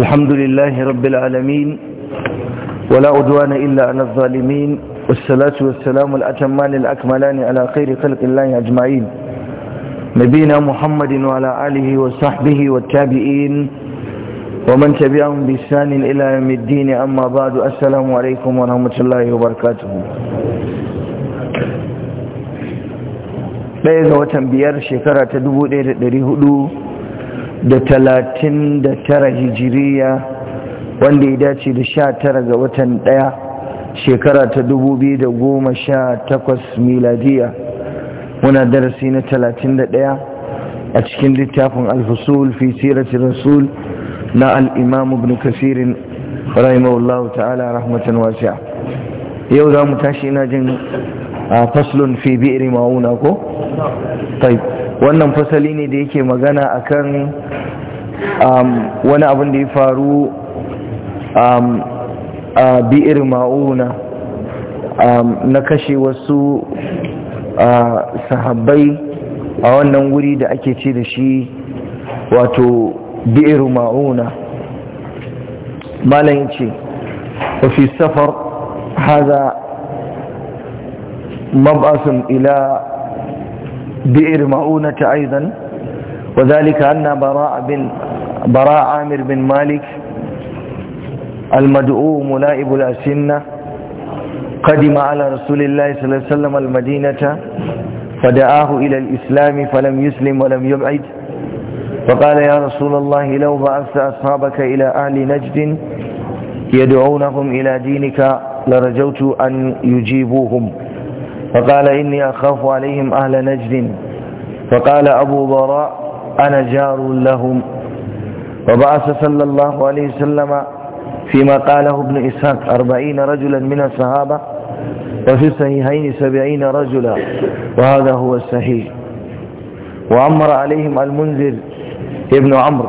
الحمد لله رب العالمين ولا أدوان إلا على الظالمين والصلاة والسلام الأتمان الأكملان على خير خلق الله أجمعين نبينا محمد وعلى آله وصحبه والتابعين ومن تبعهم بإحسان إلى يوم الدين أما بعد السلام عليكم ورحمة الله وبركاته ɗaya ga watan biyar shekara ta dubu ɗaya da ɗari hudu da talatin da tara hijiriya wanda ya dace da sha tara ga watan ɗaya shekara ta dubu biyu da goma sha takwas miladiya muna darasi na talatin da ɗaya a cikin littafin alfasul fi sirati rasul na al'imam ibn kasirin rahimahullahu ta'ala rahmatan wasi'a yau za mu tashi ina jin faslun fi bi'ri ma'una ko? wannan fasali ne da yake magana akan um, wani abin da ya faru um, a bi'ir ma'una um, na kashe wasu sahabbai a wannan wuri da ake ce da shi wato bi'ir ma'una malam ce wafi safar haza mabasin ila بئر مؤونة أيضا وذلك أن براء بن براء عامر بن مالك المدؤوم نائب الأسنة قدم على رسول الله صلى الله عليه وسلم المدينة فدعاه إلى الإسلام فلم يسلم ولم يبعد فقال يا رسول الله لو بعثت أصحابك إلى أهل نجد يدعونهم إلى دينك لرجوت أن يجيبوهم فقال إني أخاف عليهم أهل نجد فقال أبو براء أنا جار لهم وبعث صلى الله عليه وسلم فيما قاله ابن إسحاق أربعين رجلا من الصحابة وفي الصحيحين سبعين رجلا وهذا هو الصحيح وعمر عليهم المنذر ابن عمرو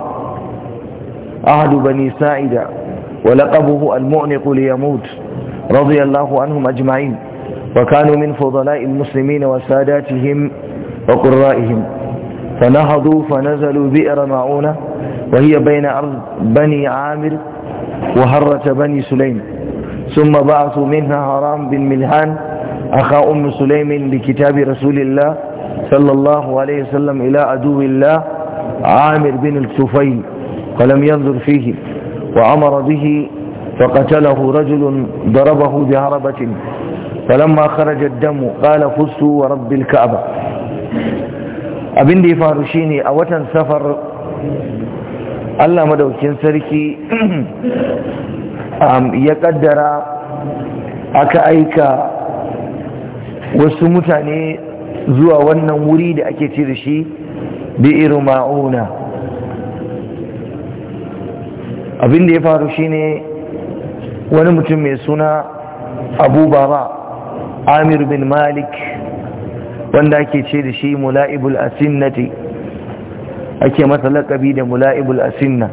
أحد بني ساعدة ولقبه المؤنق ليموت رضي الله عنهم أجمعين وكانوا من فضلاء المسلمين وساداتهم وقرائهم فنهضوا فنزلوا بئر معونة وهي بين أرض بني عامر وهرة بني سليم ثم بعثوا منها هرام بن ملهان أخا أم سليم بكتاب رسول الله صلى الله عليه وسلم إلى عدو الله عامر بن الكفيل فلم ينظر فيه وأمر به فقتله رجل ضربه بهربة falamma kharaja damu qala fusu wa rabbil ka'aba abin da ya faru shine a watan safar Allah maɗaukin sarki ya ƙaddara aka aika wasu mutane zuwa wannan wuri da ake ci da shi bi'iru ma'una abin da ya faru shine wani mutum mai suna abu amir bin malik wanda ake ce da shi mula'ibul asinnati ake masa laƙabi da mula'ibul asinna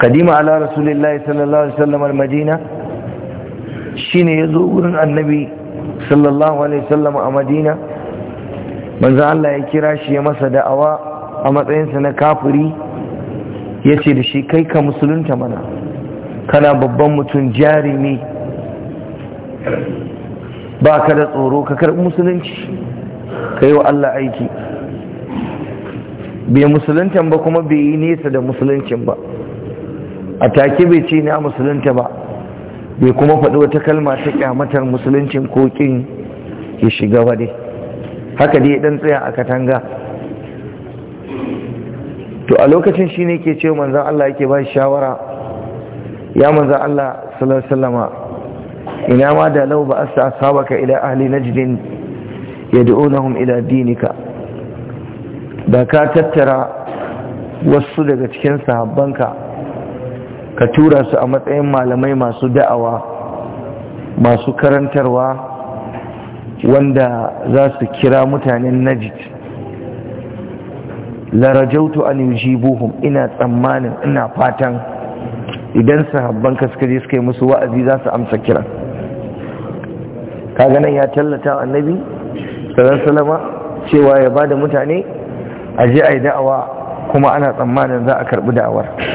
kadima ala rasulillahi sallallahu alaihi wasallam al-madina shine yazo wurin annabi sallallahu alaihi wasallam a madina manzo Allah ya kira shi ya masa da'awa a matsayinsa na kafiri yace da shi kai ka musulunta mana kana babban mutum jarimi ba ka da tsoro ka karɓi musulunci ka yi wa Allah aiki bai musuluntan ba kuma bai yi nesa da musuluncin ba a take bai ce na musulunta ba bai kuma faɗi wata kalma ta kyamatar musuluncin ko kin ya shiga ba dai haka dai ɗan tsaya a katanga to a lokacin shi ne ke ce manzan Allah yake ba shawara ya manzan Allah sallallahu alaihi ina ma da lau ba asa asabaka ila ahli najdin yad'unahum ila dinika da ka tattara wasu daga cikin sahabbanka ka tura su a matsayin malamai masu da'awa masu karantarwa wanda za su kira mutanen najd larajautu an yujibuhum ina tsammanin ina fatan idan sahabban suka je suka yi musu wa'azi za su amsa kiran kaga nan ya tallata annabi salama cewa ya bada mutane a je a yi da'awa kuma ana tsammanin za a karbi da'awar